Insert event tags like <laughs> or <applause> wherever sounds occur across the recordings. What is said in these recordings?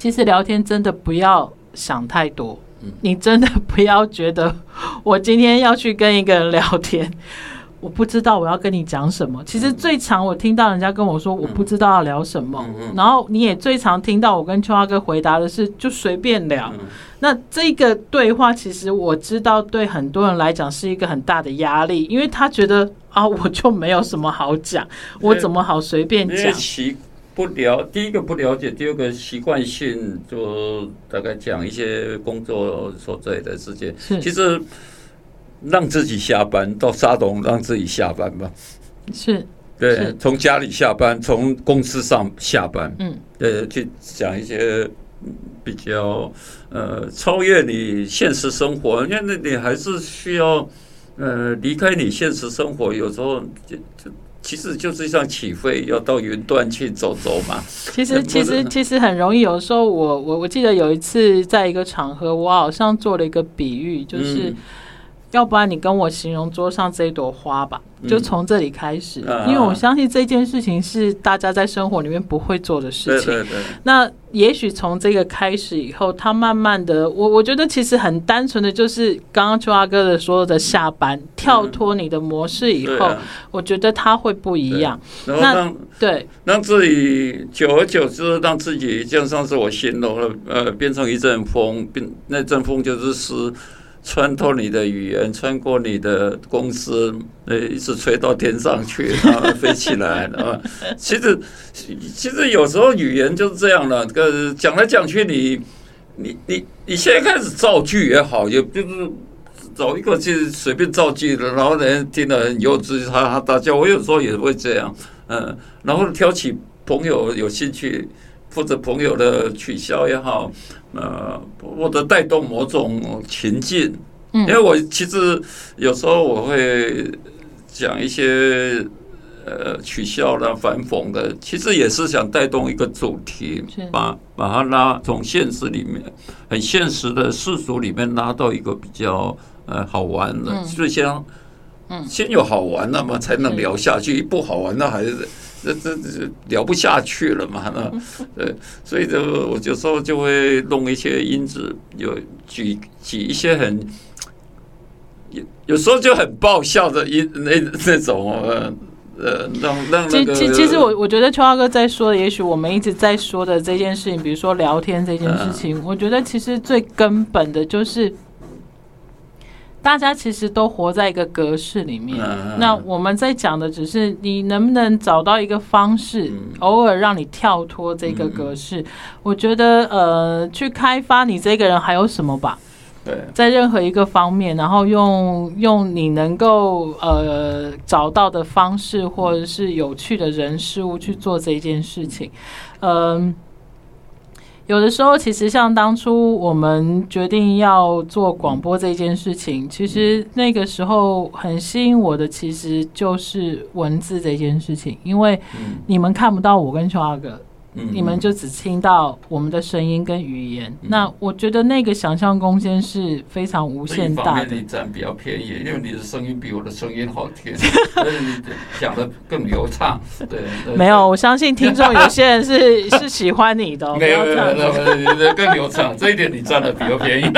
其實聊天真的不要想太多，嗯、你真的不要覺得我今天要去跟一個人聊天，我不知道我要跟你講什麼。其實最常我聽到人家跟我說，我不知道要聊什麼，嗯嗯嗯、然後你也最常聽到我跟秋阿哥回答的是，就隨便聊。嗯嗯、那這個對話其實我知道對很多人來講是一個很大的壓力，因為他覺得啊，我就沒有什麼好講，我怎麼好隨便講？不了，第一個，不了解。第二個習慣性就大概講一些工作所在的事情。是其實讓自己下班，到沙龍，讓自己下班吧。是。對，從是家裡下班，從公司上下班。嗯。對，去講一些比較呃超越你現實生活，因為那你還是需要呃離開你現實生活，有時候就就。其實就是像起飛要到雲端去走走嘛。其實其實其實很容易。有時候我我我記得有一次在一個場合，我好像做了一個比喻，就是。嗯要不然你跟我形容桌上這一朵花吧，就從這裡開始，因為我相信這件事情是大家在生活裡面不會做的事情，嗯。啊、那也許從這個開始以後，他慢慢的我，我我覺得其實很單純的就是剛剛秋阿哥的說的下班跳脫你的模式以後，我覺得他會不一樣，嗯。對啊、那然後對，讓自己久而久之，讓自己就像是我形容了，呃，變成一陣風，變那陣風就是濕。穿透你的語言，穿過你的公司，呃，一直吹到天上去，然後飛起來，啊， <laughs> 其實其實有時候語言就是這樣了，可是講來講去你，你你你你現在開始造句也好，也就是找一個就隨便造句，然後人聽得很幼稚，哈哈大叫我有時候也會這樣，嗯，然後挑起朋友有興趣，或者朋友的取笑也好。呃，我的帶動某種情境，因為我其實有時候我會講一些呃取消啦、反諷的，其實也是想帶動一個主題，是把把它拉從現實裡面很現實的世俗裡面拉到一個比較呃好玩的，嗯、就是像嗯先有好玩，那麼才能聊下去；是一不好玩那還是。這這這聊不下去了嘛？那呃，所以就我有時候就會弄一些音質，有舉舉一些很，有有時候就很爆笑的那種那種呃，讓讓。其其實我我覺得秋華哥在說的，也許我們一直在說的這件事情，比如說聊天這件事情，我覺得其實最根本的就是。大家其實都活在一個格式裡面，嗯、那我們在講的只是你能不能找到一個方式，偶爾讓你跳脫這個格式。嗯、我覺得，呃，去開發你這個人還有什麼吧？對，在任何一個方面，然後用用你能夠呃找到的方式，或者是有趣的人事物去做這件事情，嗯、呃。有的時候，其實像當初我們決定要做廣播這件事情，其實那個時候很吸引我的，其實就是文字這件事情，因為你們看不到我跟秋阿哥。你們就只聽到我們的聲音跟語言。嗯、那我覺得那個想象空間是非常無限大的。你佔比較便宜，因為你的聲音比我的聲音好聽，所以你講的更流暢。對， <laughs> 對對沒有，我相信聽眾有些人是 <laughs> 是喜歡你的。 <laughs> 沒有沒有沒有沒有，更流暢 <laughs> 這一點你佔的比較便宜。 <laughs>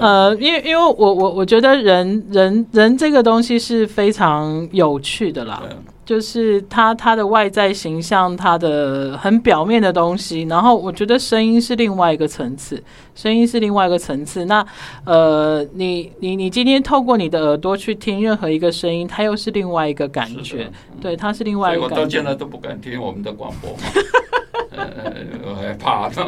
呃，因為因為我我我覺得人人人這個東西是非常有趣的啦。嗯就是他他的外在形象，他的很表面的東西，然後我覺得聲音是另外一個層次，聲音是另外一個層次。那呃，你你你今天透過你的耳朵去聽任何一個聲音，它又是另外一個感覺，嗯、對，它是另外一個感覺。我到現在都不敢聽我們的廣播。 <laughs> <laughs> 我害怕他，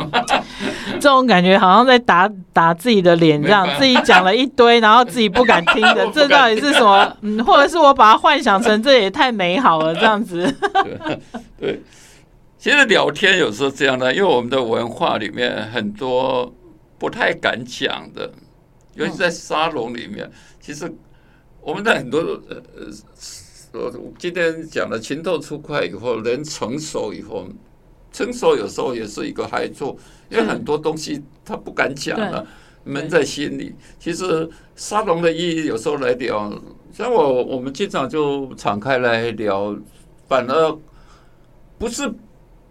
這種感覺好像在打打自己的臉，這樣自己講了一堆，然後自己不敢聽的。 <laughs> 聽這到底是什麼？嗯，或者是我把它幻想成這也太美好了，這樣子對。對，其實聊天有時候這樣的，因為我們的文化裡面很多不太敢講的，尤其在沙龍裡面，哦、其實我們在很多呃呃，我今天講了情竇初開以後，人成熟以後。成熟有時候也是一個害處，因為很多東西他不敢講了，悶在心裡。其實沙龍的意義有時候來聊，像我我們經常就敞開來聊，反而不是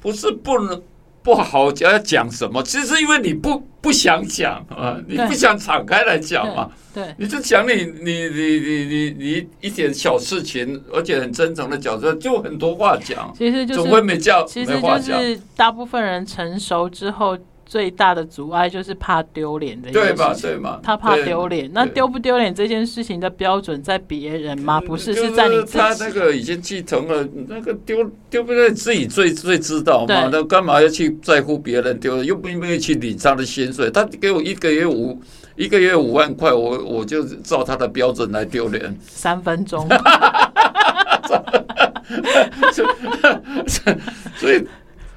不是不能。不好講，要講什麼，其實是因為你不不想講對啊，你不想敞開來講嘛，對，對，你就講你你你你你你一點小事情，嗯、而且很真誠的角色，就很多話講，其實就是、總會沒叫，沒話講，其實就是。大部分人成熟之後。最大的阻礙就是怕丟臉的對吧，對吧，他怕丟臉。那丟不丟臉這件事情的標準在別人嗎？不是，是在你自己。他那個已經繼承了那個丟丟不丟自己最最知道嘛？那幹嘛要去在乎別人丟？又並沒有去領他的薪水？他給我一個月五一個月五萬塊，我我就照他的標準來丟臉。三分鐘， <laughs> <laughs> 所以。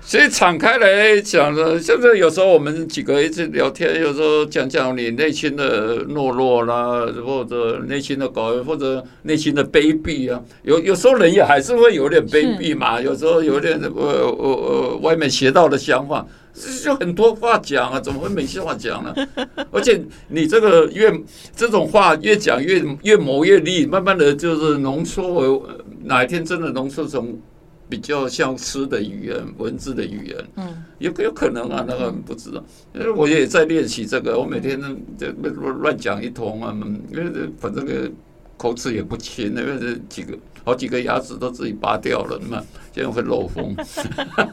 所以敞開來講呢，就有時候我們幾個一直聊天，有時候講講你內心的懦弱啦，或者內心的高傲，或者內心的卑鄙啊。有有時候人也還是會有點卑鄙嘛，是有時候有點呃呃呃，外面邪道的想法，就很多話講啊，怎麼會沒話講呢？啊？ <laughs> 而且你這個越這種話越講越越磨越利，慢慢的就是濃縮為哪一天真的濃縮成。比較像詩的語言，文字的語言，有有可能啊，那個不知道，我也在練習這個，我每天都亂講一通啊，因為反正這個口齒也不清，啊，因為幾個好幾個牙齒都自己拔掉了嘛，這樣會漏風。 <laughs>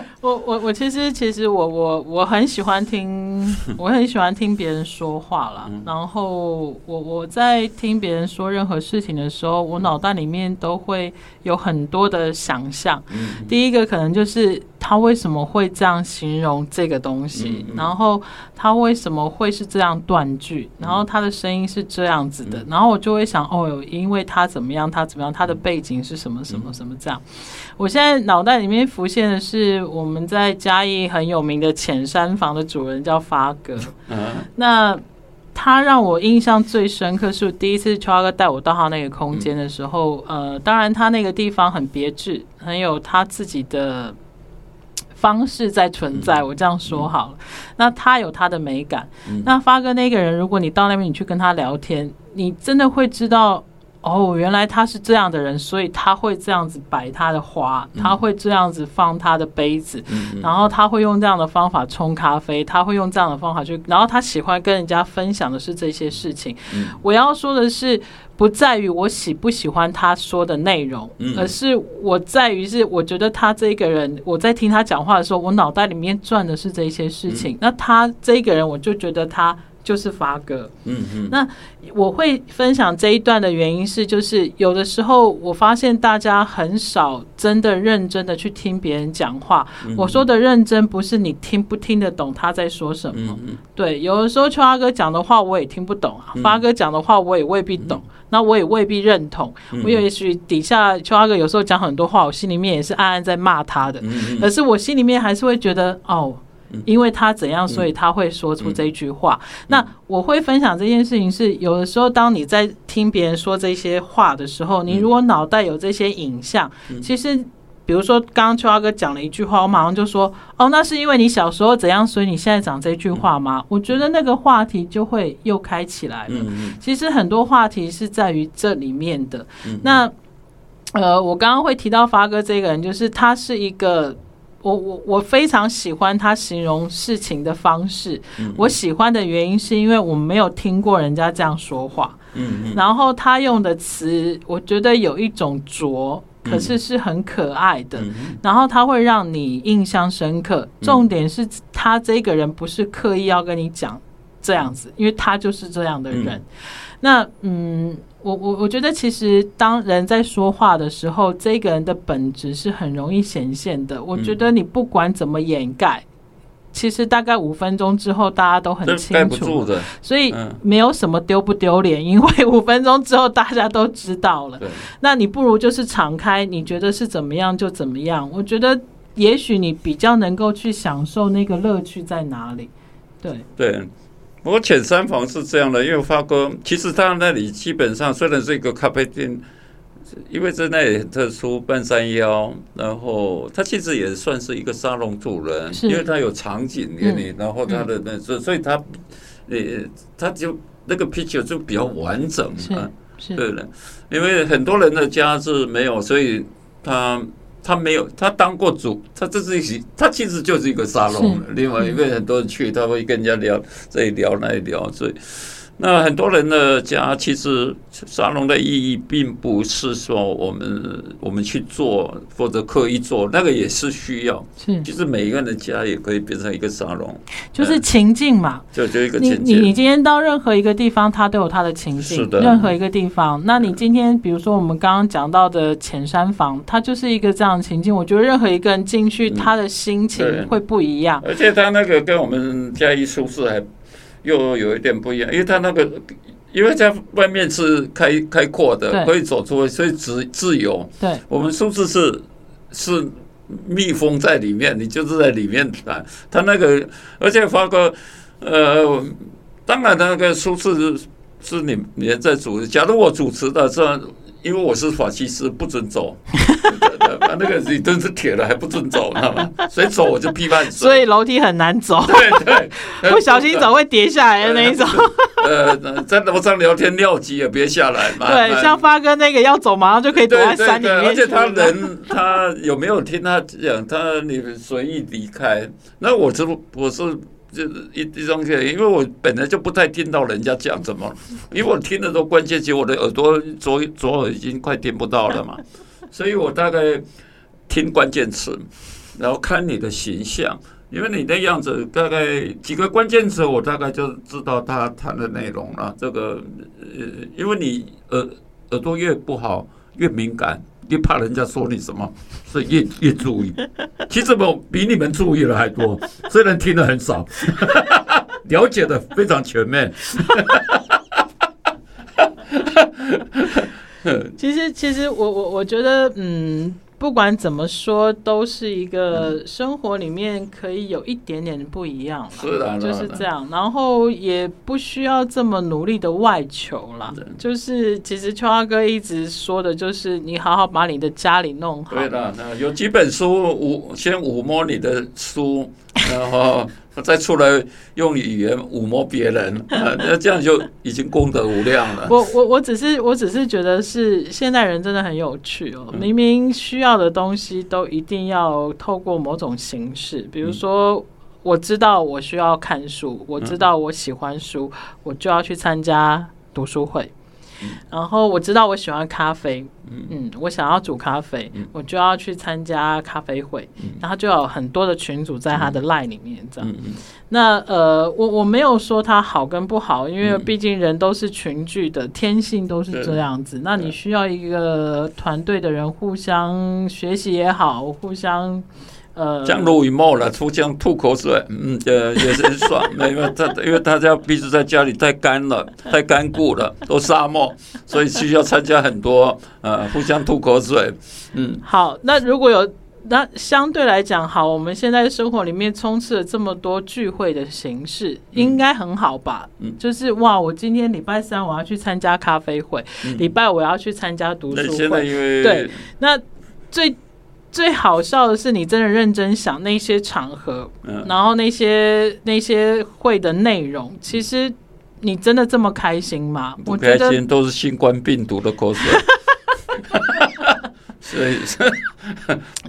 <laughs> 我我我其實其實我我我很喜歡聽我很喜歡聽別人說話啦， <laughs> 然後我我在聽別人說任何事情的時候，我腦袋裡面都會有很多的想象。 <laughs> 第一個可能就是。他為什麼會這樣形容這個東西？嗯嗯、然後他為什麼會是這樣斷句？嗯、然後他的聲音是這樣子的？嗯、然後我就會想，哦，因為他怎麼樣？他怎麼樣？他的背景是什麼？什麼？什麼？這樣？嗯、我現在腦袋裡面浮現的是我們在嘉義很有名的淺山房的主人叫發哥。嗯、 <laughs> 那他讓我印象最深刻是第一次喬哥帶我到他那個空間的時候。嗯、呃，當然他那個地方很別緻，很有他自己的。方式在存在，我這樣說好了。嗯嗯、那他有他的美感。嗯、那發哥那個人，如果你到那邊你去跟他聊天，你真的會知道哦，原來他是這樣的人，所以他會這樣子擺他的花，他會這樣子放他的杯子，嗯、然後他會用這樣的方法沖咖啡，他會用這樣的方法去，然後他喜歡跟人家分享的是這些事情。嗯、我要說的是。不在於我喜不喜歡他說的內容，而是我在於是我覺得他這個人，我在聽他講話的時候，我腦袋裡面轉的是這些事情。嗯、那他這個人，我就覺得他。就是發哥、嗯，嗯嗯，那我會分享這一段的原因是，就是有的時候我發現大家很少真的認真的去聽別人講話。嗯、我說的認真不是你聽不聽得懂他在說什麼，嗯嗯、對。有的時候秋阿哥講的話我也聽不懂，嗯、發哥講的話我也未必懂，嗯、那我也未必認同。嗯、我也許底下秋阿哥有時候講很多話，我心裡面也是暗暗在罵他的，可、嗯嗯、是我心裡面還是會覺得哦。因為他怎樣，所以他會說出這句話。嗯嗯嗯、那我會分享這件事情是有的時候，當你在聽別人說這些話的時候，你如果腦袋有這些影像，嗯、其實比如說剛剛秋華哥講了一句話，我馬上就說：“哦，那是因為你小時候怎樣，所以你現在講這句話嗎？”嗯、我覺得那個話題就會又開起來了。嗯嗯嗯、其實很多話題是在於這裡面的。嗯嗯、那呃，我剛剛會提到發哥這個人，就是他是一個。我我我非常喜歡他形容事情的方式。嗯嗯，我喜歡的原因是因為我沒有聽過人家這樣說話。嗯、嗯，然後他用的詞，我覺得有一種拙，可是是很可愛的。嗯嗯，然後他會讓你印象深刻。重點是他這個人不是刻意要跟你講。這樣子，因為他就是這樣的人。嗯那，嗯，我我我覺得，其實當人在說話的時候，這個人的本質是很容易顯現的。我覺得你不管怎麼掩蓋，嗯、其實大概五分鐘之後，大家都很清楚的。所以沒有什麼丟不丟臉，嗯、因為五分鐘之後大家都知道了。對那你不如就是敞開，你覺得是怎麼樣就怎麼樣。我覺得也許你比較能夠去享受那個樂趣在哪裡。對對。我淺山房是這樣的，因為發哥其實他那裡基本上雖然是一個咖啡廳，因為在那裡很特殊，半山腰，然後他其實也算是一個沙龍主人，是因為他有場景給你，嗯、然後他的那、嗯、所以他，呃，他就那個 picture 就比較完整嘛、啊，嗯、對了，因為很多人的家是沒有，所以他。他沒有，他當過主，他這是一，他其實就是一個沙龍。另外一邊很多人去，他會跟人家聊，這裡聊那裡聊，所以。那很多人的家其實沙龍的意義，並不是說我們我們去做或者刻意做，那個也是需要，是其實，每一個人的家也可以變成一個沙龍，就是情境嘛。嗯、就就一個情境。你你今天到任何一個地方，它都有它的情境。是的。任何一個地方，嗯、那你今天比如說我們剛剛講到的淺山房，它就是一個這樣的情境。我覺得任何一個人進去，嗯、他的心情會不一樣。而且他那個跟我們家一舒適還。又有一點不一樣，因為他那個，因為在外面是開開闊的，可以走出去，所以自自由。對，我們數字是是密封在裡面，你就是在裡面啊，他那個，而且發哥，呃，當然那個數字是你你在主持，假如我主持的時候。因為我是法西斯，不准走。對對對，那個你都是鐵的，還不准走，知道嗎？所以走我就批判。所以樓梯很難走，對對， <laughs> 不小心走會跌下來的、呃、那一種。呃， <laughs> 呃，在樓上聊天尿急也別下來。慢慢對，像發哥那個要走馬上就可以躲在山裡面。對對對，而且他人 <laughs> 他有沒有聽他講？他你隨意離開，那我這我是。這一一張片，因為我本來就不太聽到人家講什麼，因為我聽的都關鍵詞，我的耳朵左左耳已經快聽不到了嘛，所以我大概聽關鍵詞，然後看你的形象，因為你的樣子大概幾個關鍵詞，我大概就知道他談的內容了。這個呃，因為你耳耳朵越不好越敏感。你怕人家說你什麼是，所以越越注意。其實我比你們注意的還多，雖然聽的很少， <laughs> 了解的非常全面。 <laughs> <laughs> 其實，其實我我我覺得，嗯。不管怎麼說，都是一個生活裡面可以有一點點不一樣啦，是的就是這樣。的然後也不需要這麼努力的外求了。是的就是其實秋華哥一直說的，就是你好好把你的家裡弄好。對的，那有幾本書，我先撫摸你的書，然後。 <laughs> 再出來用語言撫摸別人，那、呃、這樣就已經功德無量了。 <laughs> 我我我只是我只是覺得是現代人真的很有趣哦，明明需要的東西都一定要透過某種形式，比如說，我知道我需要看書，我知道我喜歡書，我就要去參加讀書會。然後我知道我喜歡咖啡，嗯，嗯，我想要煮咖啡，嗯、我就要去參加咖啡會，嗯、然後就有很多的群主在他的 Line 裡面這樣。那呃，我我沒有說他好跟不好，因為畢竟人都是群聚的，天性都是這樣子。嗯、那你需要一個團隊的人互相學習也好，互相。相濡以沫了，互相、呃、吐口水，嗯，對、呃，也是很爽。 <laughs> 因為他，因為大家畢竟在家裡太乾了，太乾固了，都沙漠，所以需要參加很多，呃，互相吐口水。嗯，好，那如果有，那相對來講，好，我們現在生活裡面充斥了這麼多聚會的形式，嗯、應該很好吧？嗯，就是哇，我今天禮拜三我要去參加咖啡會，禮、嗯、拜五我要去參加讀書會，嗯、對，那最。最好笑的是，你真的認真想那些場合，嗯，然後那些那些會的內容，其實你真的這麼開心嗎？不開心。我覺得都是新冠病毒的口水。所以，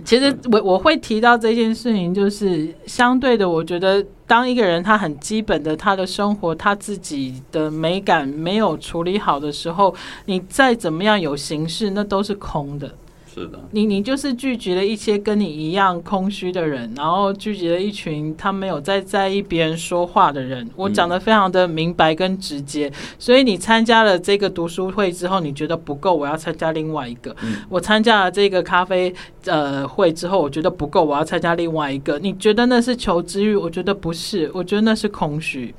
其實我我會提到這件事情，就是相對的，我覺得當一個人他很基本的他的生活，他自己的美感沒有處理好的時候，你再怎麼樣有形式，那都是空的。是的，你你就是聚集了一些跟你一樣空虛的人，然後聚集了一群他沒有在在意別人說話的人。我講得非常的明白跟直接，嗯，所以你參加了這個讀書會之後，你覺得不夠，我要參加另外一個；嗯，我參加了這個咖啡呃會之後，我覺得不夠，我要參加另外一個。你覺得那是求知慾？我覺得不是，我覺得那是空虛。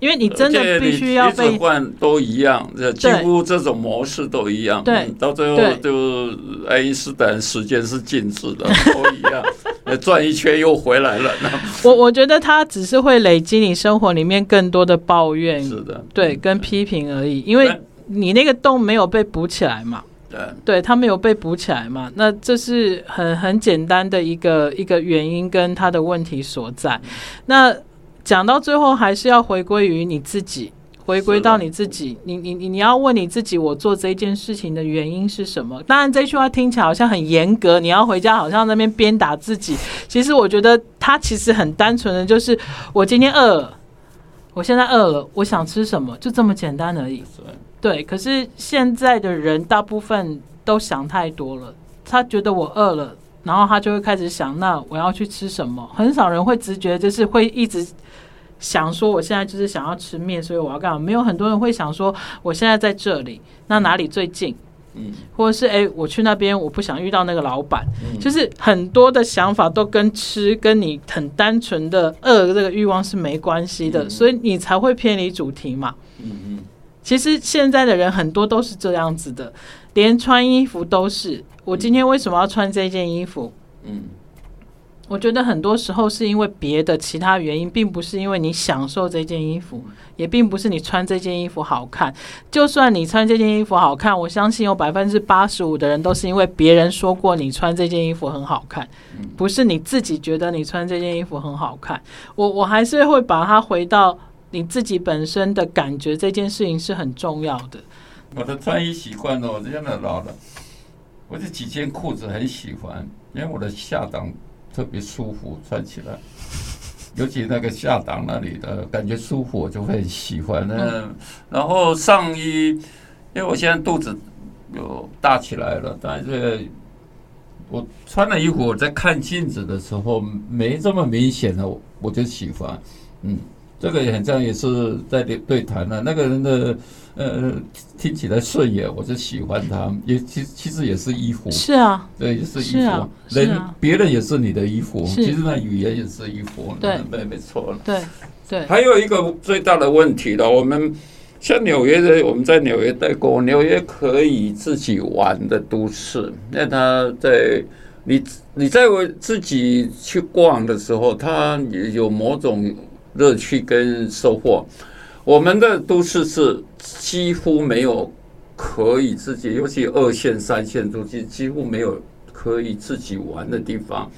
因為你真的必須要被換，一冠都一樣，對幾乎這種模式都一樣。對、嗯，到最後就愛因斯坦，時間是靜止的，對都一樣， <laughs> 轉一圈又回來了。我 <laughs> 我覺得他只是會累積你生活裡面更多的抱怨，是的，對，嗯、跟批評而已。因為你那個洞沒有被補起來嘛，嗯、對，對他沒有被補起來嘛，那這是很很簡單的一個一個原因跟他的問題所在。那。講到最後還是要回歸於你自己，回歸到你自己。你你你你要問你自己，我做這件事情的原因是什麼？當然，這句話聽起來好像很嚴格，你要回家好像在那邊鞭打自己。其實我覺得他其實很單純的，就是我今天餓了，我現在餓了，我想吃什麼，就這麼簡單而已。對。可是現在的人大部分都想太多了，他覺得我餓了。然後他就會開始想，那我要去吃什麼？很少人會直覺，就是會一直想說，我現在就是想要吃麵，所以我要幹嘛？沒有很多人會想說，我現在在這裡，那哪裡最近？嗯，或者是哎、欸，我去那邊，我不想遇到那個老闆。嗯，就是很多的想法都跟吃跟你很單純的餓的這個慾望是沒關係的，嗯，所以你才會偏離主題嘛。嗯嗯，其實現在的人很多都是這樣子的，連穿衣服都是。我今天為什麼要穿這件衣服？嗯，我覺得很多時候是因為別的其他原因，並不是因為你享受這件衣服，也並不是你穿這件衣服好看。就算你穿這件衣服好看，我相信有百分之八十五的人都是因為別人說過你穿這件衣服很好看，嗯，不是你自己覺得你穿這件衣服很好看。我我還是會把它回到你自己本身的感覺，這件事情是很重要的。我的穿衣習慣了，我真的老了。我這幾件褲子很喜歡，因為我的下襠特別舒服，穿起來， <laughs> 尤其那個下襠那裡的感覺舒服，我就會很喜歡、嗯。然後上衣，因為我現在肚子又大起來了，但是我穿了衣服，我在看鏡子的時候沒這麼明顯了，我就喜歡。嗯，這個很像也是在對談的，那個人的。呃，聽起來順眼，我就喜歡他。也，其其實也是衣服。是啊，對，也是衣服。人別、啊啊、人也是你的衣服，是其實那語言也是衣服，對，沒沒錯了。對對。還有一個最大的問題了，我們像紐約人，我們在紐約待過，紐約可以自己玩的都市。那他在你你在我自己去逛的時候，他也有某種樂趣跟收穫。我們的都市是幾乎沒有可以自己，尤其二線、三線都市，幾乎沒有可以自己玩的地方，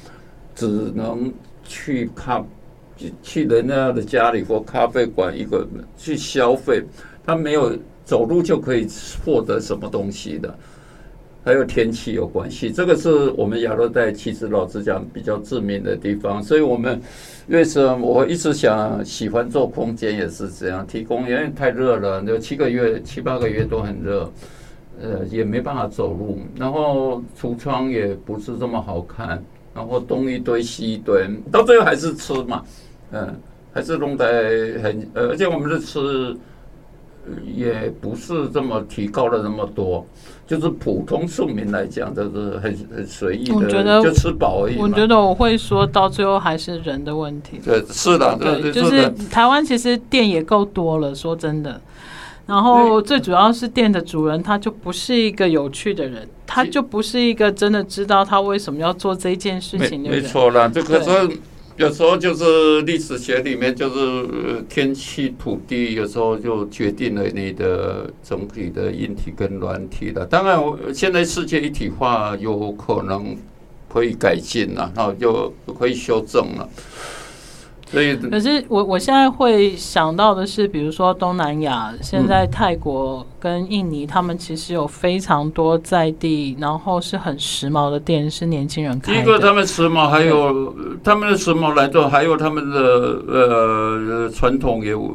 只能去咖去人家的家裡或咖啡館一個去消費，他沒有走路就可以獲得什麼東西的。還有天氣有關係，這個是我們亞熱帶，其實老實講比較致命的地方。所以，我們為什麼我一直想喜歡做空間也是這樣，提供因為太熱了，有七個月，七八個月都很熱，呃，也沒辦法走路。然後櫥窗也不是這麼好看，然後東一堆西一堆，到最後還是吃嘛，嗯，呃，還是弄得很，呃，而且我們的吃也不是這麼提高了那麼多。就是普通市民來講，都、就是很很隨意的，我覺得就吃飽而已。我覺得我會說到最後還是人的問題，對。對，是的，對，對就是，台灣其實店也夠多了，說真的。然後最主要是店的主人，他就不是一個有趣的人，對他就不是一個真的知道他為什麼要做這件事情，的人。沒錯啦，這個是對有時候就是歷史學裡面就是天氣、土地，有時候就決定了你的整體的硬體跟軟體的。當然，我現在世界一體化有可能可以改進了，然後就可以修正了。對可是我我現在會想到的是，比如說東南亞，現在泰國跟印尼，他們其實有非常多在地，然後是很時髦的店，是年輕人開的。一個他們時髦，還有他們的時髦來做，還有他們的呃傳統業務。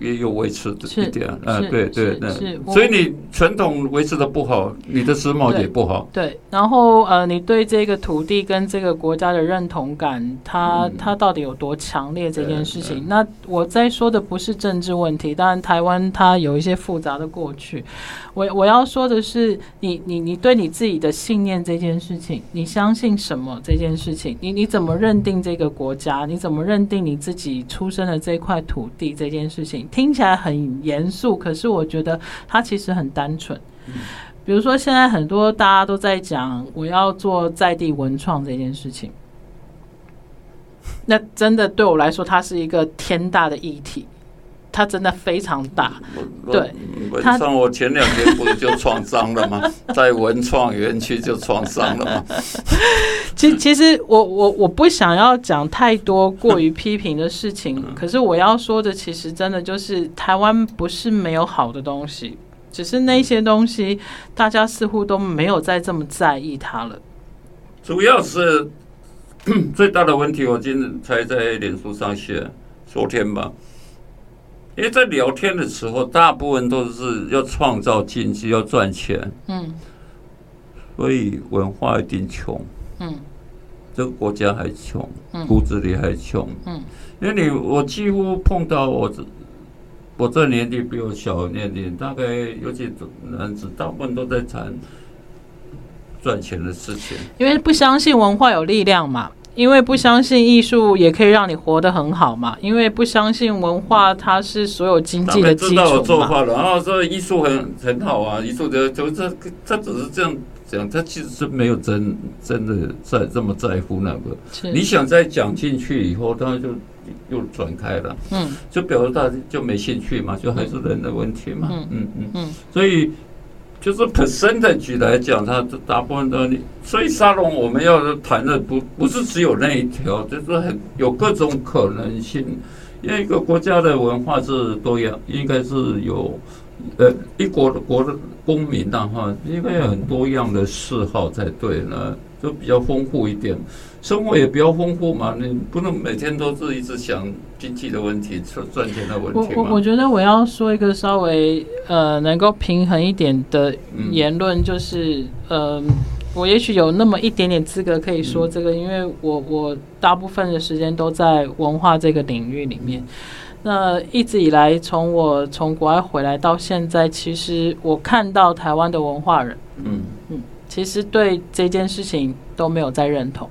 也有維持的一點，嗯，對對，是，所以你傳統維持的不好，你的時髦也不好對。對，然後呃，你對這個土地跟這個國家的認同感，它、嗯、它到底有多強烈？這件事情，嗯、那我在說的不是政治問題。當然對，台灣它有一些複雜的過去。我我要說的是，你你你對你自己的信念這件事情，你相信什麼？這件事情，你你怎麼認定這個國家？你怎麼認定你自己出生的這塊土地？這件事情？聽起來很嚴肅，可是我覺得它其實很單純。嗯。比如說，現在很多大家都在講，我要做在地文創這件事情，那真的對我來說，它是一個天大的議題。它真的非常大，對。文創，我前兩天不是就創傷了嗎？ <laughs> 在文創園區就創傷了嗎？其 <laughs> 其實我我我不想要講太多過於批評的事情，可是我要說的，其實真的就是台灣不是沒有好的東西，只是那些東西大家似乎都沒有再這麼在意它了。主要是最大的問題，我今天才在臉書上寫，昨天吧。因為在聊天的時候，大部分都是要創造經濟、要賺錢，嗯，所以文化一定窮，嗯，這個國家還窮，骨子裡還窮，嗯，因為你我幾乎碰到我這我這年紀比我小的年齡，大概尤其男子，大部分都在談賺錢的事情，因為不相信文化有力量嘛。因為不相信藝術也可以讓你活得很好嘛，因為不相信文化它是所有經濟的基礎嘛。知道我作畫了，然後說藝術很很好啊，藝術就就這他只是這樣講，他其實是沒有真真的在這麼在乎那個。是你想再講進去以後，他就又轉開了。嗯，就表示他就沒興趣嘛，就還是人的問題嘛。嗯嗯嗯。嗯嗯所以。就是 percentage 來講，它大部分都，所以沙龍我們要談的不不是只有那一條，就是很有各種可能性。因為一個國家的文化是多樣，應該是有呃一國的國的公民的、啊、話，應該有很多樣的嗜好才對呢，就比較豐富一點。生活也比較豐富嘛，你不能每天都是一直想經濟的問題、賺賺錢的問題嘛。我我我覺得我要說一個稍微呃能夠平衡一點的言論，嗯、就是呃，我也許有那麼一點點資格可以說這個，嗯、因為我我大部分的時間都在文化這個領域裡面。嗯、那一直以來，從我從國外回來到現在，其實我看到台灣的文化人，嗯嗯，其實對這件事情都沒有在認同。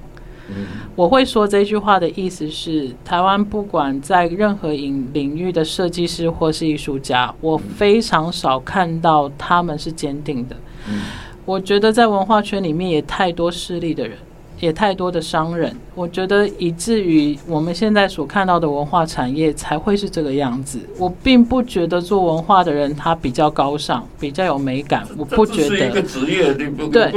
<noise> 我會說這句話的意思是，台灣不管在任何領領域的設計師或是藝術家，我非常少看到他們是堅定的。 <noise> 我覺得在文化圈裡面也太多勢利的人。也太多的商人，我覺得以至於我們現在所看到的文化產業才會是這個樣子。我並不覺得做文化的人他比較高尚，比較有美感，我不覺得。這這個職業，對不對？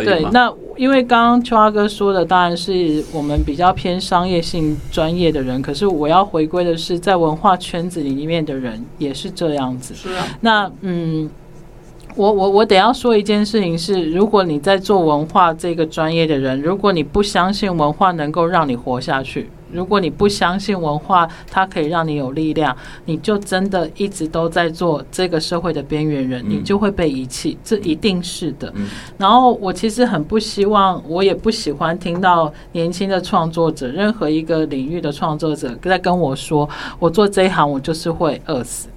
對，對。那因為剛剛秋阿哥說的當然是我們比較偏商業性專業的人，可是我要回歸的是在文化圈子裡面的人也是這樣子。是啊。那嗯。我我我得要說一件事情是：如果你在做文化這個專業的人，如果你不相信文化能夠讓你活下去，如果你不相信文化它可以讓你有力量，你就真的一直都在做這個社會的邊緣人，你就會被遺棄，嗯、這一定是的。嗯、然後我其實很不希望，我也不喜歡聽到年輕的創作者，任何一個領域的創作者在跟我說：“我做這一行，我就是會餓死。”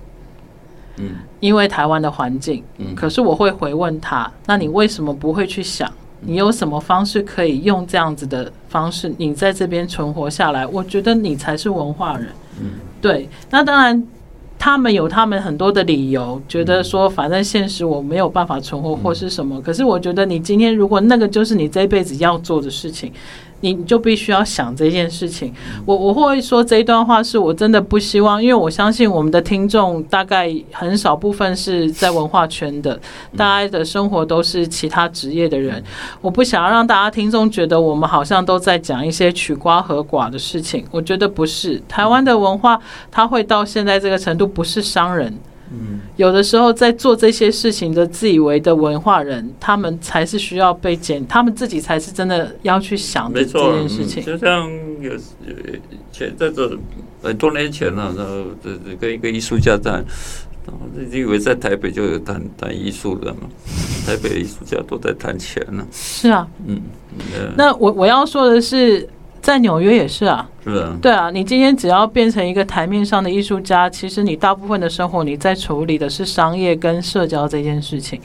因為台灣的環境，嗯，可是我會回問他，那你為什麼不會去想，你有什麼方式可以用這樣子的方式，你在這邊存活下來？我覺得你才是文化人，嗯，對。那當然，他們有他們很多的理由，覺得說反正現實我沒有辦法存活或是什麼。嗯，可是我覺得你今天如果那個就是你這輩子要做的事情。你就必須要想這件事情。我我會說這一段話，是我真的不希望，因為我相信我們的聽眾大概很少部分是在文化圈的，大家的生活都是其他職業的人。我不想要讓大家聽眾覺得我們好像都在講一些曲高和寡的事情。我覺得不是，台灣的文化它會到現在這個程度，不是商人。嗯，有的時候在做這些事情的自以為的文化人，他們才是需要被檢，他們自己才是真的要去想這件事情。就像有,有前在這很多年前呢、啊，然後這這跟一個藝術家在，自己以為在台北就有談談藝術的嘛，台北的藝術家都在談錢呢。是啊， <laughs> 嗯，yeah. 那我我要說的是，在紐約也是啊。是啊，對啊，你今天只要變成一個台面上的藝術家，其實你大部分的生活你在處理的是商業跟社交這件事情，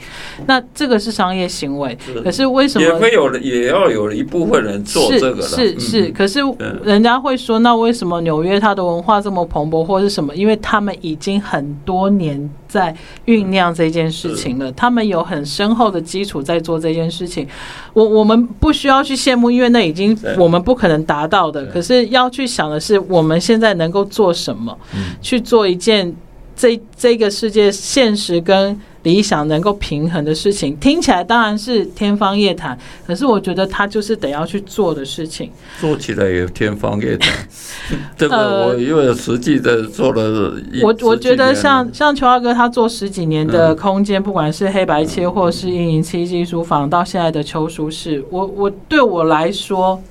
那這個是商業行為。是，可是為什麼也會有也要有一部分人做這個了是？是是是，嗯、可是人家會說，那為什麼紐約它的文化這麼蓬勃，或是什麼？因為他們已經很多年在醞釀這件事情了，是他們有很深厚的基礎在做這件事情。我我們不需要去羨慕，因為那已經我們不可能達到的。是，可是要。去想的是我們現在能夠做什麼，嗯、去做一件這這個世界現實跟理想能夠平衡的事情。聽起來當然是天方夜譚，可是我覺得他就是得要去做的事情。做起來也天方夜譚，對吧？ <laughs> 我因為實際的做了。呃、了我我覺得像像邱二哥他做十幾年的空間，嗯、不管是黑白切或是運營七級書房、嗯、到現在的邱書室，我我對我來說。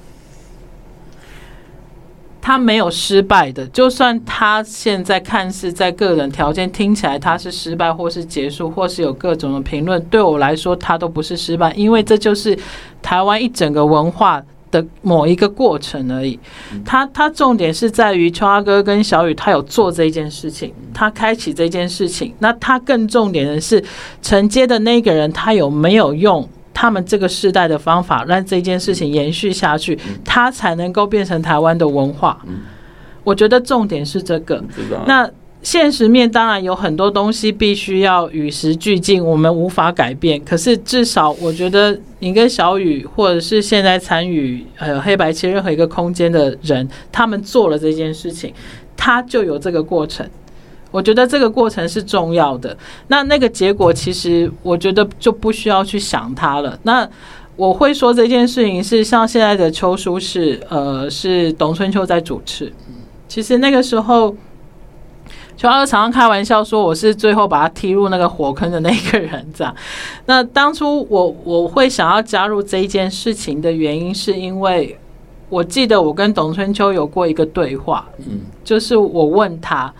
他沒有失敗的，就算他現在看似在個人條件聽起來他是失敗，或是結束，或是有各種的評論，對我來說他都不是失敗，因為這就是台灣一整個文化的某一個過程而已。嗯、他他重點是在於川阿哥跟小雨，他有做這件事情，他開啟這件事情，那他更重點的是承接的那個人他有沒有用？他們這個世代的方法，讓這件事情延續下去，它才能夠變成台灣的文化。嗯、我覺得重點是這個。嗯、那現實面當然有很多東西必須要與時俱進，我們無法改變。可是至少，我覺得你跟小雨，或者是現在參與呃黑白切任何一個空間的人，他們做了這件事情，他就有這個過程。我覺得這個過程是重要的，那那個結果其實我覺得就不需要去想他了。那我會說這件事情是像現在的秋書是呃，是董春秋在主持，其實那個時候秋兒常常開玩笑說，我是最後把他踢入那個火坑的那個人這樣，那當初我我會想要加入這一件事情的原因是因為我記得我跟董春秋有過一個對話，嗯，就是我問他。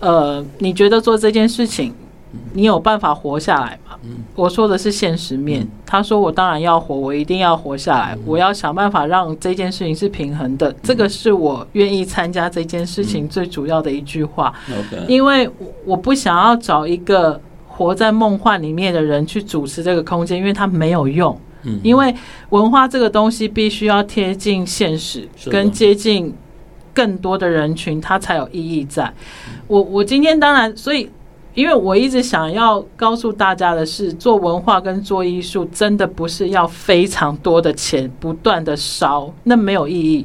呃，你覺得做這件事情，你有辦法活下來嗎？嗯、我說的是現實面。嗯、他說：“我當然要活，我一定要活下來，嗯、我要想辦法讓這件事情是平衡的。嗯、這個是我願意參加這件事情最主要的一句話。嗯 okay、因為我不想要找一個活在夢幻裡面的人去主持這個空間，因為他沒有用。嗯、因為文化這個東西必須要貼近現實，是嗎？跟接近。”更多的人群，他才有意義。在我我今天當然，所以因為我一直想要告訴大家的是，做文化跟做藝術真的不是要非常多的錢，不斷的燒，那沒有意義。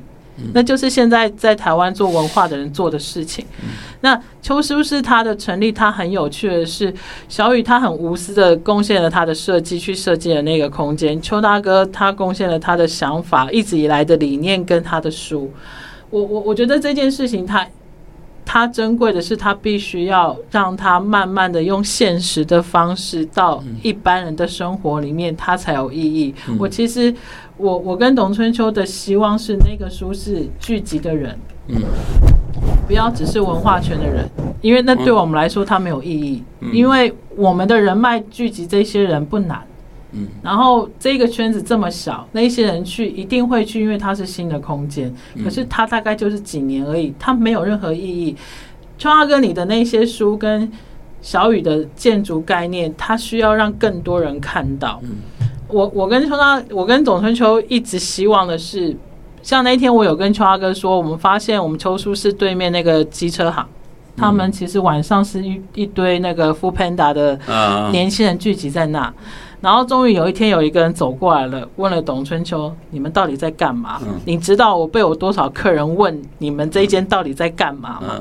那就是現在在台灣做文化的人做的事情。那邱師傅他的成立，他很有趣的是，小雨他很無私的貢獻了他的設計去設計了那個空間。邱大哥他貢獻了他的想法，一直以來的理念跟他的書。我我我覺得這件事情它，它它珍貴的是，它必須要讓它慢慢的用現實的方式到一般人的生活裡面，它才有意義。嗯、我其實我我跟董春秋的希望是，那個書是聚集的人，嗯，不要只是文化圈的人，因為那對我們來說它沒有意義，嗯、因為我們的人脈聚集這些人不難。嗯，然後這個圈子這麼小，那些人去一定會去，因為它是新的空間。可是它大概就是幾年而已，它沒有任何意義。秋、嗯、阿哥，你的那些書跟小雨的建築概念，它需要讓更多人看到。嗯、我我跟秋阿，我跟董春秋一直希望的是，像那天我有跟秋阿哥說，我們發現我們秋書室對面那個機車行，嗯、他們其實晚上是一一堆那個 Food Panda 的年輕人聚集在那。嗯嗯然後終於有一天，有一個人走過來了，問了董春秋：“你們到底在幹嘛？”你知道我被有多少客人問你們這一間到底在幹嘛嗎？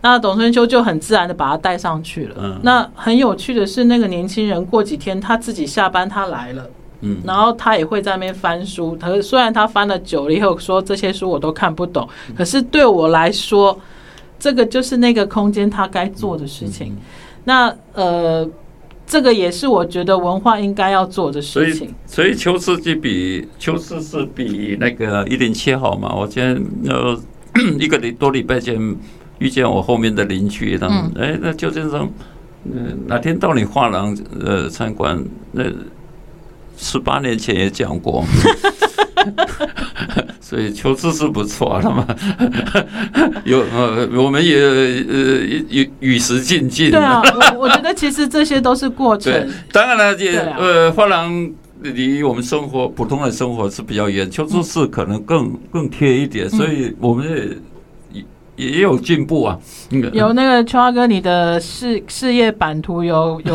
那董春秋就很自然的把他帶上去了。那很有趣的是，那個年輕人過幾天他自己下班他來了，然後他也會在那邊翻書。他雖然他翻了久了以後說這些書我都看不懂，可是對我來說，這個就是那個空間他該做的事情。那呃。這個也是我覺得文化應該要做的事情。所以，所以邱次是比邱次是比那個一零七好嘛？我今天呃一個禮多禮拜前遇見我後面的鄰居，他們哎，那邱先生哪天到你畫廊呃參觀？那十八年前也講過。 <laughs> <laughs> 所以秋瓷是不錯了嘛？ <laughs> 有，有呃，我們也呃與與時俱進。對啊，我我覺得其實這些都是過程。 <laughs> 對，當然了，也呃，畫廊離我們生活普通的生活是比較遠，秋瓷是可能更更貼一點，所以我們也。嗯也有進步啊、嗯！有那個秋哥，你的事事業版圖有有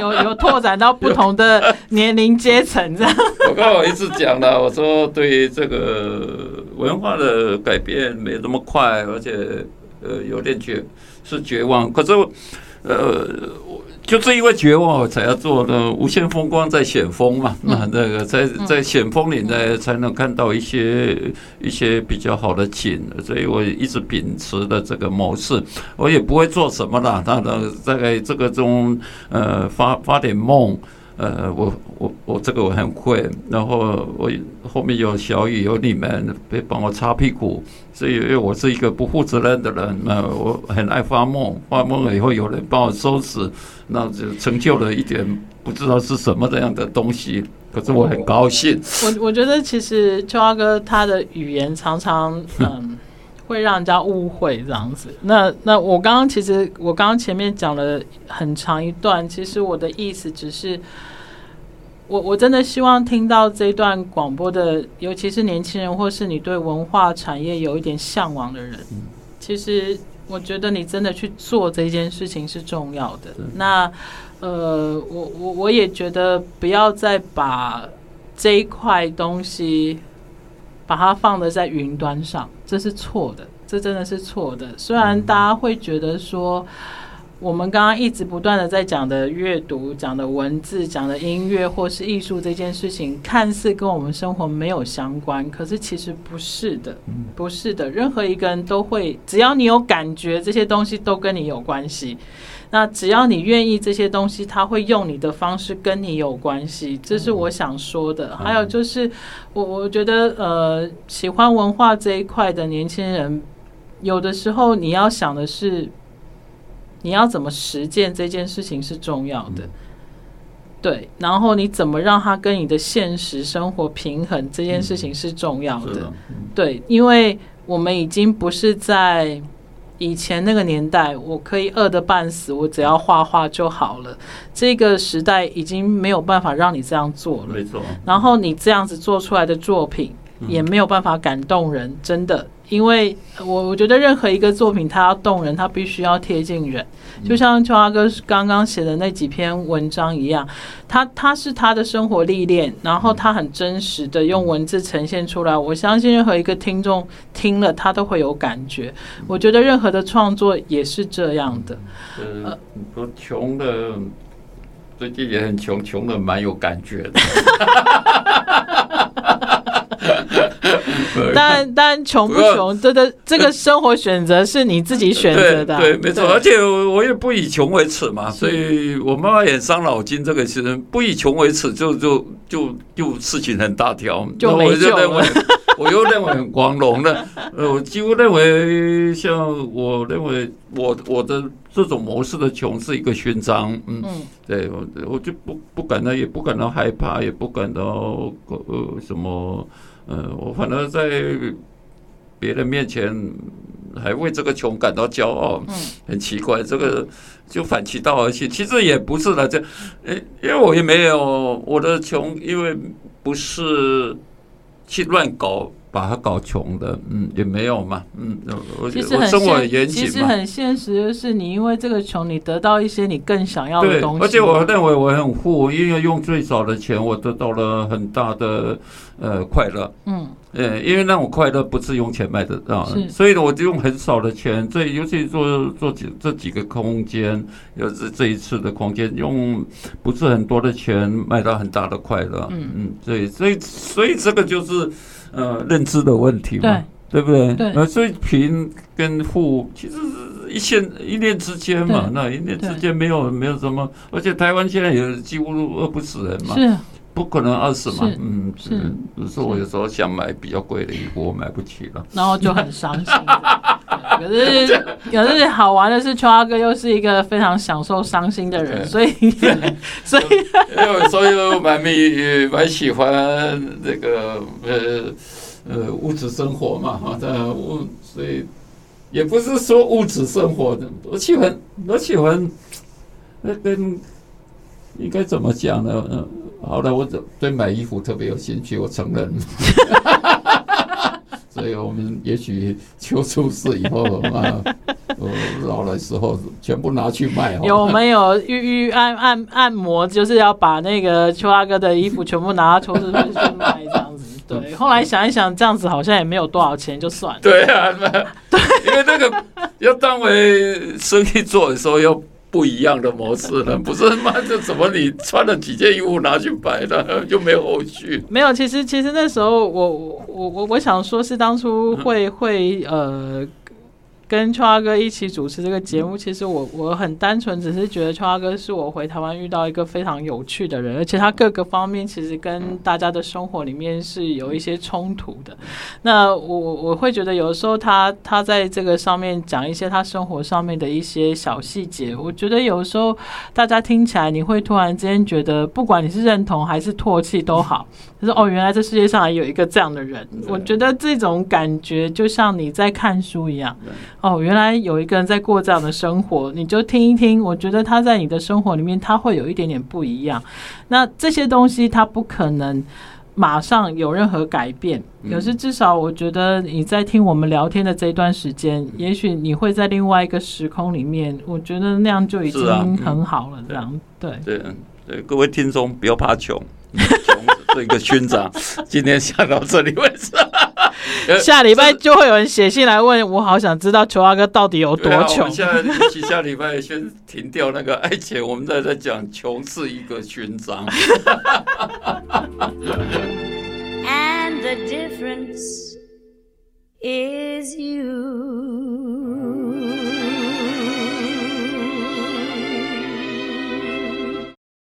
有有拓展到不同的年齡階層，這樣。 <laughs> 有 <laughs> 我跟我一次講了，我說對於這個文化的改變沒那麼快，而且呃有點絕是絕望。可是呃我。就是因為絕望才要做的，無限風光在險峰嘛。那那個在在險峰裡呢，才能看到一些一些比較好的景。所以我一直秉持的這個模式，我也不會做什麼啦。那那在這個中呃，發發點夢。呃，我我我這個我很會，然後我後面有小雨有你們，會幫我擦屁股，所以因為我是一個不負責任的人、呃，我很愛發夢，發夢了以後有人幫我收拾，那就成就了一點不知道是什麼這樣的東西，可是我很高興。哦、我我覺得其實秋華哥他的語言常常嗯。 <laughs> 會讓人家誤會這樣子。那那我剛剛其實我剛剛前面講了很長一段，其實我的意思只是，我我真的希望聽到這一段廣播的，尤其是年輕人或是你對文化產業有一點向往的人。是其實我覺得你真的去做這件事情是重要的。是那呃，我我我也覺得不要再把這一塊東西。把它放的在雲端上，這是錯的，這真的是錯的。雖然大家會覺得說，我們剛剛一直不斷的在講的閱讀、講的文字、講的音樂或是藝術這件事情，看似跟我們生活沒有相關，可是其實不是的，不是的。任何一個人都會，只要你有感覺，這些東西都跟你有關係。那只要你願意這些東西，他會用你的方式跟你有關係，這是我想說的。嗯、還有就是，我我覺得，呃，喜歡文化這一塊的年輕人，有的時候你要想的是，你要怎麼實踐這件事情是重要的，嗯、對。然後你怎麼讓他跟你的現實生活平衡這件事情是重要的，嗯、是的、嗯、對，因為我們已經不是在。以前那個年代，我可以餓得半死，我只要畫畫就好了。這個時代已經沒有辦法讓你這樣做了，沒錯。然後你這樣子做出來的作品，也沒有辦法感動人，真的。因為我我覺得任何一個作品，它要動人，它必須要貼近人。就像秋華哥剛剛寫的那幾篇文章一樣，他他是他的生活歷練，然後他很真實的用文字呈現出來。我相信任何一個聽眾聽了，他都會有感覺。我覺得任何的創作也是這樣的。呃、嗯，窮的最近也很窮，窮的蠻有感覺的。 <laughs> <laughs> 嗯、但但窮不窮，這個、啊、對這個生活選擇是你自己選擇的、啊對，對，沒錯。對而且我，我，也不以窮為恥嘛，是所以我媽媽也傷腦筋。這個其實不以窮為恥，就就就就事情很大條。就我就認為， <laughs> 我又認為很光榮的。 <laughs> 呃，我幾乎認為，像我認為我我的這種模式的窮是一個勳章。嗯，嗯對我我就不不感到也不感到害怕，也不感到呃什麼。嗯，我反正在別人面前還為這個窮感到驕傲，很奇怪，這個就反其道而行，其實也不是的，這，誒、欸，因為我也沒有我的窮，因為不是去亂搞。把它搞窮的，嗯，也沒有嘛，嗯，我很我生活很嚴謹嘛。其實很現實，就是你因為這個窮，你得到一些你更想要的東西。對，而且我認為我很富，因為用最少的錢，我得到了很大的呃快樂。嗯，呃、欸，因為那種快樂不是用錢買得到啊，是所以呢，我就用很少的錢，所以尤其做做幾這幾個空間，又、就是這一次的空間，用不是很多的錢，買到很大的快樂。嗯嗯，所以所以所以這個就是。呃，認知的問題嘛，對，對不對？對呃，所以貧跟富其實是一線，一念之間嘛，對那一念之間沒有對沒有什麼，而且台灣現在也幾乎餓不死人嘛，對不可能餓死嘛，是嗯，是。所以是說我有時候想買比較貴的衣服，我買不起了，然後就很傷心。 <laughs> <laughs> 可是，可是好玩的是，秋阿哥又是一個非常享受傷心的人，所以，對 <laughs> 所以，所以我蠻蠻喜歡這個呃呃物質生活嘛，哈、啊，我所以也不是說物質生活的，我喜歡，我喜歡，那跟應該怎麼講呢？嗯，好的，我對買衣服特別有興趣，我承認。 <laughs> 所以我們也許邱出事以後啊、 <laughs> 呃，老了時候全部拿去賣。有沒有預預按按按摩，就是要把那個邱阿哥的衣服全部拿到超市去賣這樣子？對，後來想一想，這樣子好像也沒有多少錢，就算了。 <laughs> 對啊，對，因為那個要當為生意做的時候要。不一樣的模式了，不是嘛？這怎麼你穿了幾件衣服拿去擺的，就沒有後續？ <laughs> 沒有，其實其實那時候我我我我想說是當初會、嗯、會呃。跟秋阿哥一起主持這個節目，其實我我很單純，只是覺得秋阿哥是我回台灣遇到一個非常有趣的人，而且他各個方面其實跟大家的生活裡面是有一些衝突的。那我我會覺得，有時候他他在這個上面講一些他生活上面的一些小細節，我覺得有時候大家聽起來，你會突然之間覺得，不管你是認同還是唾棄都好，就是哦，原來這世界上還有一個這樣的人。對我覺得這種感覺就像你在看書一樣。哦，原來有一個人在過這樣的生活，你就聽一聽。我覺得他在你的生活裡面，他會有一點點不一樣。那這些東西，他不可能馬上有任何改變。可、嗯、是至少，我覺得你在聽我們聊天的這一段時間，嗯、也許你會在另外一個時空裡面。我覺得那樣就已經很好了。這樣、啊，嗯、後對對對，對，各位聽眾不要怕窮， <laughs> 嗯、窮是這個勳章 <laughs> 今天想到這裡為止。下禮拜就會有人寫信來問我，好想知道球阿哥到底有多窮。啊、下下禮拜先停掉那個愛情 <laughs> 我們再再講。窮是一個勳章。 <laughs> <laughs> And the difference is you.